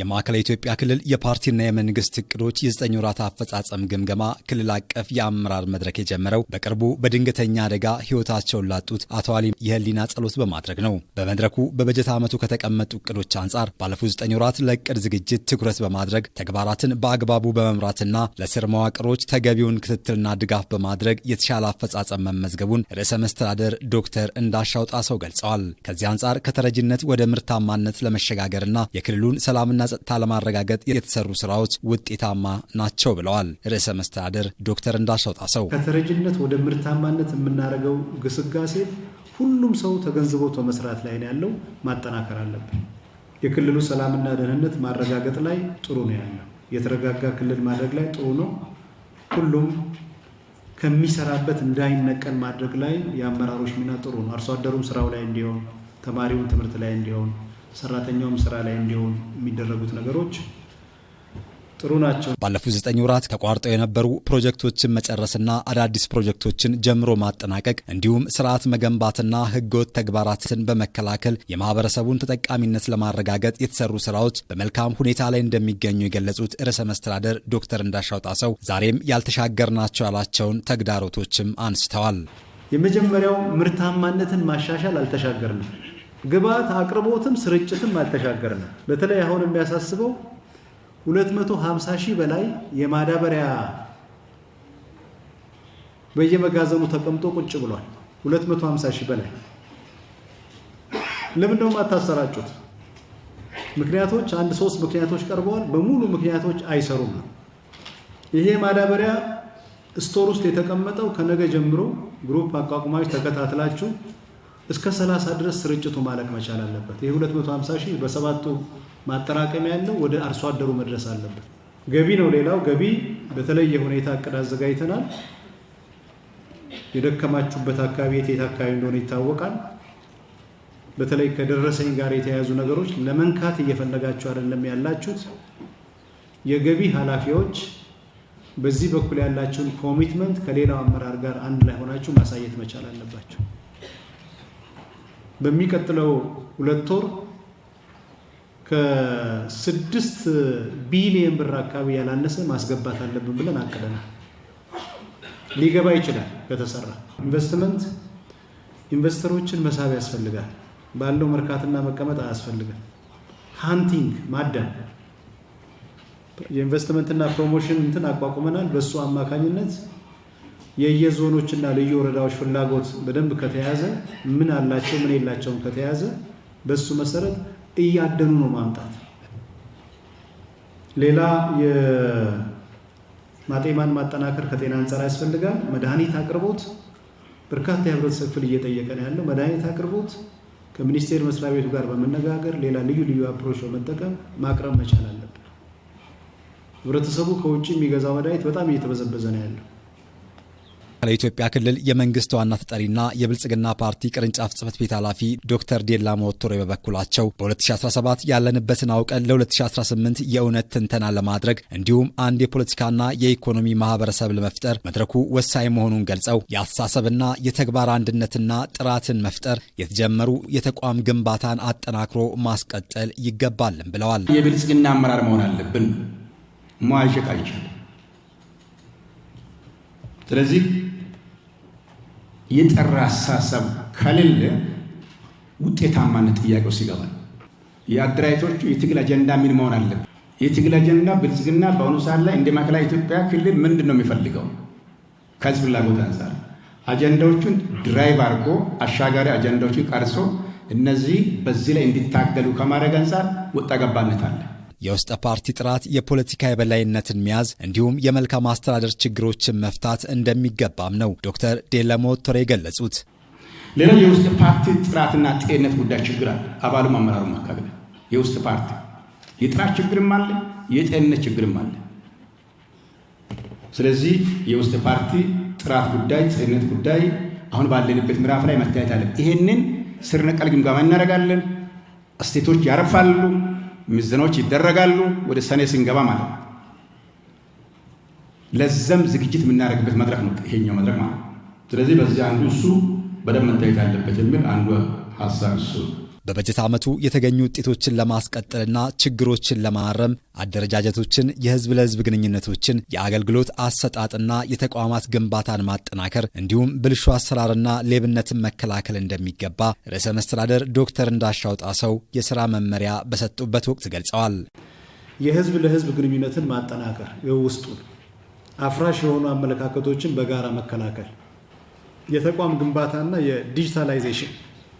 የማዕከላዊ ኢትዮጵያ ክልል የፓርቲና የመንግስት እቅዶች የዘጠኝ ወራት አፈጻጸም ግምገማ ክልል አቀፍ የአመራር መድረክ የጀመረው በቅርቡ በድንገተኛ አደጋ ሕይወታቸውን ላጡት አቶ አሊ የህሊና ጸሎት በማድረግ ነው። በመድረኩ በበጀት ዓመቱ ከተቀመጡ እቅዶች አንጻር ባለፉት ዘጠኝ ወራት ለእቅድ ዝግጅት ትኩረት በማድረግ ተግባራትን በአግባቡ በመምራትና ለስር መዋቅሮች ተገቢውን ክትትልና ድጋፍ በማድረግ የተሻለ አፈጻጸም መመዝገቡን ርዕሰ መስተዳደር ዶክተር እንዳሻው ጣሰው ገልጸዋል። ከዚህ አንጻር ከተረጅነት ወደ ምርታማነት ለመሸጋገርና የክልሉን ሰላምና ጸጥታ ለማረጋገጥ የተሰሩ ስራዎች ውጤታማ ናቸው ብለዋል። ርዕሰ መስተዳድር ዶክተር እንዳሻው ጣሰው ከተረጅነት ወደ ምርታማነት የምናደርገው ግስጋሴ ሁሉም ሰው ተገንዝቦት በመስራት ላይ ነው ያለው። ማጠናከር አለብን። የክልሉ ሰላምና ደህንነት ማረጋገጥ ላይ ጥሩ ነው ያለው። የተረጋጋ ክልል ማድረግ ላይ ጥሩ ነው። ሁሉም ከሚሰራበት እንዳይነቀን ማድረግ ላይ የአመራሮች ሚና ጥሩ ነው። አርሶ አደሩም ስራው ላይ እንዲሆን፣ ተማሪውም ትምህርት ላይ እንዲሆን ሰራተኛውም ስራ ላይ እንዲሆን የሚደረጉት ነገሮች ጥሩ ናቸው። ባለፉት ዘጠኝ ወራት ተቋርጠው የነበሩ ፕሮጀክቶችን መጨረስና አዳዲስ ፕሮጀክቶችን ጀምሮ ማጠናቀቅ እንዲሁም ስርዓት መገንባትና ህገወጥ ተግባራትን በመከላከል የማህበረሰቡን ተጠቃሚነት ለማረጋገጥ የተሰሩ ስራዎች በመልካም ሁኔታ ላይ እንደሚገኙ የገለጹት ርዕሰ መስተዳደር ዶክተር እንዳሻው ጣሰው ዛሬም ያልተሻገርናቸው ያላቸውን ተግዳሮቶችም አንስተዋል። የመጀመሪያው ምርታማነትን ማሻሻል አልተሻገርንም። ግብዓት አቅርቦትም ስርጭትም አልተሻገርንም። በተለይ አሁን የሚያሳስበው 250 ሺህ በላይ የማዳበሪያ በየመጋዘኑ ተቀምጦ ቁጭ ብሏል። 250 ሺህ በላይ ለምንድነው የማታሰራጩት? ምክንያቶች አንድ ሶስት ምክንያቶች ቀርበዋል። በሙሉ ምክንያቶች አይሰሩም ነው። ይሄ ማዳበሪያ ስቶር ውስጥ የተቀመጠው ከነገ ጀምሮ ግሩፕ አቋቁማዎች ተከታትላችሁ እስከ 30 ድረስ ስርጭቱ ማለቅ መቻል አለበት። ይህ 250 ሺህ በሰባቱ ማጠራቀሚያ ያለው ወደ አርሶ አደሩ መድረስ አለበት። ገቢ ነው። ሌላው ገቢ በተለየ ሁኔታ እቅድ አዘጋጅተናል። የደከማችሁበት አካባቢ የት አካባቢ እንደሆነ ይታወቃል። በተለይ ከደረሰኝ ጋር የተያያዙ ነገሮች ለመንካት እየፈለጋችሁ አይደለም ያላችሁት። የገቢ ኃላፊዎች በዚህ በኩል ያላችሁን ኮሚትመንት ከሌላው አመራር ጋር አንድ ላይ ሆናችሁ ማሳየት መቻል አለባቸው። በሚቀጥለው ሁለት ወር ከስድስት ቢሊየን ብር አካባቢ ያላነሰ ማስገባት አለብን ብለን አቅደናል። ሊገባ ይችላል ከተሰራ። ኢንቨስትመንት ኢንቨስተሮችን መሳብ ያስፈልጋል። ባለው መርካትና መቀመጥ አያስፈልግም። ሃንቲንግ ማዳን የኢንቨስትመንትና ፕሮሞሽን እንትን አቋቁመናል። በእሱ አማካኝነት የየዞኖችና ልዩ ወረዳዎች ፍላጎት በደንብ ከተያዘ ምን አላቸው ምን የላቸውም ከተያዘ በሱ መሰረት እያደኑ ነው ማምጣት። ሌላ የማጤማን ማጠናከር ከጤና አንጻር ያስፈልጋል። መድኃኒት አቅርቦት በርካታ የህብረተሰብ ክፍል እየጠየቀ ነው ያለው። መድኃኒት አቅርቦት ከሚኒስቴር መስሪያ ቤቱ ጋር በመነጋገር ሌላ ልዩ ልዩ አፕሮች በመጠቀም ማቅረብ መቻል አለብን። ህብረተሰቡ ከውጭ የሚገዛው መድኃኒት በጣም እየተበዘበዘ ነው ያለው። ለኢትዮጵያ ክልል የመንግስት ዋና ተጠሪና የብልጽግና ፓርቲ ቅርንጫፍ ጽህፈት ቤት ኃላፊ ዶክተር ዴላ ሞቶሬ በበኩላቸው በ2017 ያለንበትን አውቀን ለ2018 የእውነት ትንተና ለማድረግ እንዲሁም አንድ የፖለቲካና የኢኮኖሚ ማህበረሰብ ለመፍጠር መድረኩ ወሳኝ መሆኑን ገልጸው የአስተሳሰብና የተግባር አንድነትና ጥራትን መፍጠር የተጀመሩ የተቋም ግንባታን አጠናክሮ ማስቀጠል ይገባልን ብለዋል። የብልጽግና አመራር መሆን አለብን። መዋዠቅ አይቻልም። ስለዚህ የጠራ አሳሳብ ከሌለ ውጤታማነት ጥያቄው ሲገባል የአደራጅቶቹ የትግል አጀንዳ ምን መሆን አለብ? የትግል አጀንዳ ብልጽግና በአሁኑ ሰዓት ላይ እንደ ማዕከላዊ ኢትዮጵያ ክልል ምንድን ነው የሚፈልገው? ከህዝብ ፍላጎት አንጻር አጀንዳዎቹን ድራይቭ አድርጎ አሻጋሪ አጀንዳዎቹ ቀርሶ እነዚህ በዚህ ላይ እንዲታገሉ ከማድረግ አንጻር ወጣ ገባነት አለ። የውስጠ ፓርቲ ጥራት የፖለቲካ የበላይነትን መያዝ እንዲሁም የመልካም አስተዳደር ችግሮችን መፍታት እንደሚገባም ነው ዶክተር ዴለሞ ቶሬ የገለጹት። ሌላው የውስጥ ፓርቲ ጥራትና ጤንነት ጉዳይ ችግር አለ። አባሉም አመራሩ መካከል የውስጥ ፓርቲ የጥራት ችግርም አለ፣ የጤንነት ችግርም አለ። ስለዚህ የውስጥ ፓርቲ ጥራት ጉዳይ፣ ጤንነት ጉዳይ አሁን ባለንበት ምዕራፍ ላይ መታየት አለ። ይሄንን ስር ነቀል ግምገማ እናደርጋለን። እስቴቶች ያረፋሉ። ምዘናዎች ይደረጋሉ። ወደ ሰኔ ስንገባ ማለት ነው። ለዛም ዝግጅት የምናደርግበት መድረክ ነው ይሄኛው መድረክ ማለት ነው። ስለዚህ በዚህ አንዱ እሱ በደንብ መታየት አለበት የሚል አንዱ ሀሳብ እሱ ነው። በበጀት ዓመቱ የተገኙ ውጤቶችን ለማስቀጠልና ችግሮችን ለማረም አደረጃጀቶችን፣ የህዝብ ለህዝብ ግንኙነቶችን፣ የአገልግሎት አሰጣጥና የተቋማት ግንባታን ማጠናከር እንዲሁም ብልሹ አሰራርና ሌብነትን መከላከል እንደሚገባ ርዕሰ መስተዳደር ዶክተር እንዳሻው ጣሰው የስራ መመሪያ በሰጡበት ወቅት ገልጸዋል። የህዝብ ለህዝብ ግንኙነትን ማጠናከር ውስጡን አፍራሽ የሆኑ አመለካከቶችን በጋራ መከላከል፣ የተቋም ግንባታና የዲጂታላይዜሽን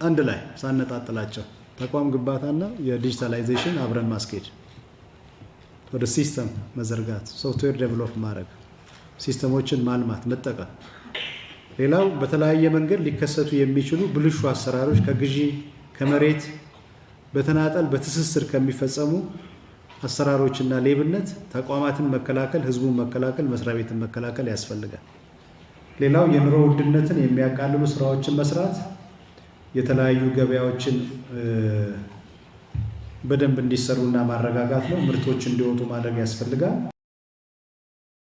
አንድ ላይ ሳነጣጥላቸው ተቋም ግንባታና የዲጂታላይዜሽን አብረን ማስኬድ ወደ ሲስተም መዘርጋት፣ ሶፍትዌር ዴቨሎፕ ማድረግ፣ ሲስተሞችን ማልማት፣ መጠቀም። ሌላው በተለያየ መንገድ ሊከሰቱ የሚችሉ ብልሹ አሰራሮች ከግዢ ከመሬት በተናጠል በትስስር ከሚፈጸሙ አሰራሮችና ሌብነት ተቋማትን መከላከል፣ ህዝቡን መከላከል፣ መስሪያ ቤትን መከላከል ያስፈልጋል። ሌላው የኑሮ ውድነትን የሚያቃልሉ ስራዎችን መስራት የተለያዩ ገበያዎችን በደንብ እንዲሰሩና ማረጋጋት ነው። ምርቶች እንዲወጡ ማድረግ ያስፈልጋል።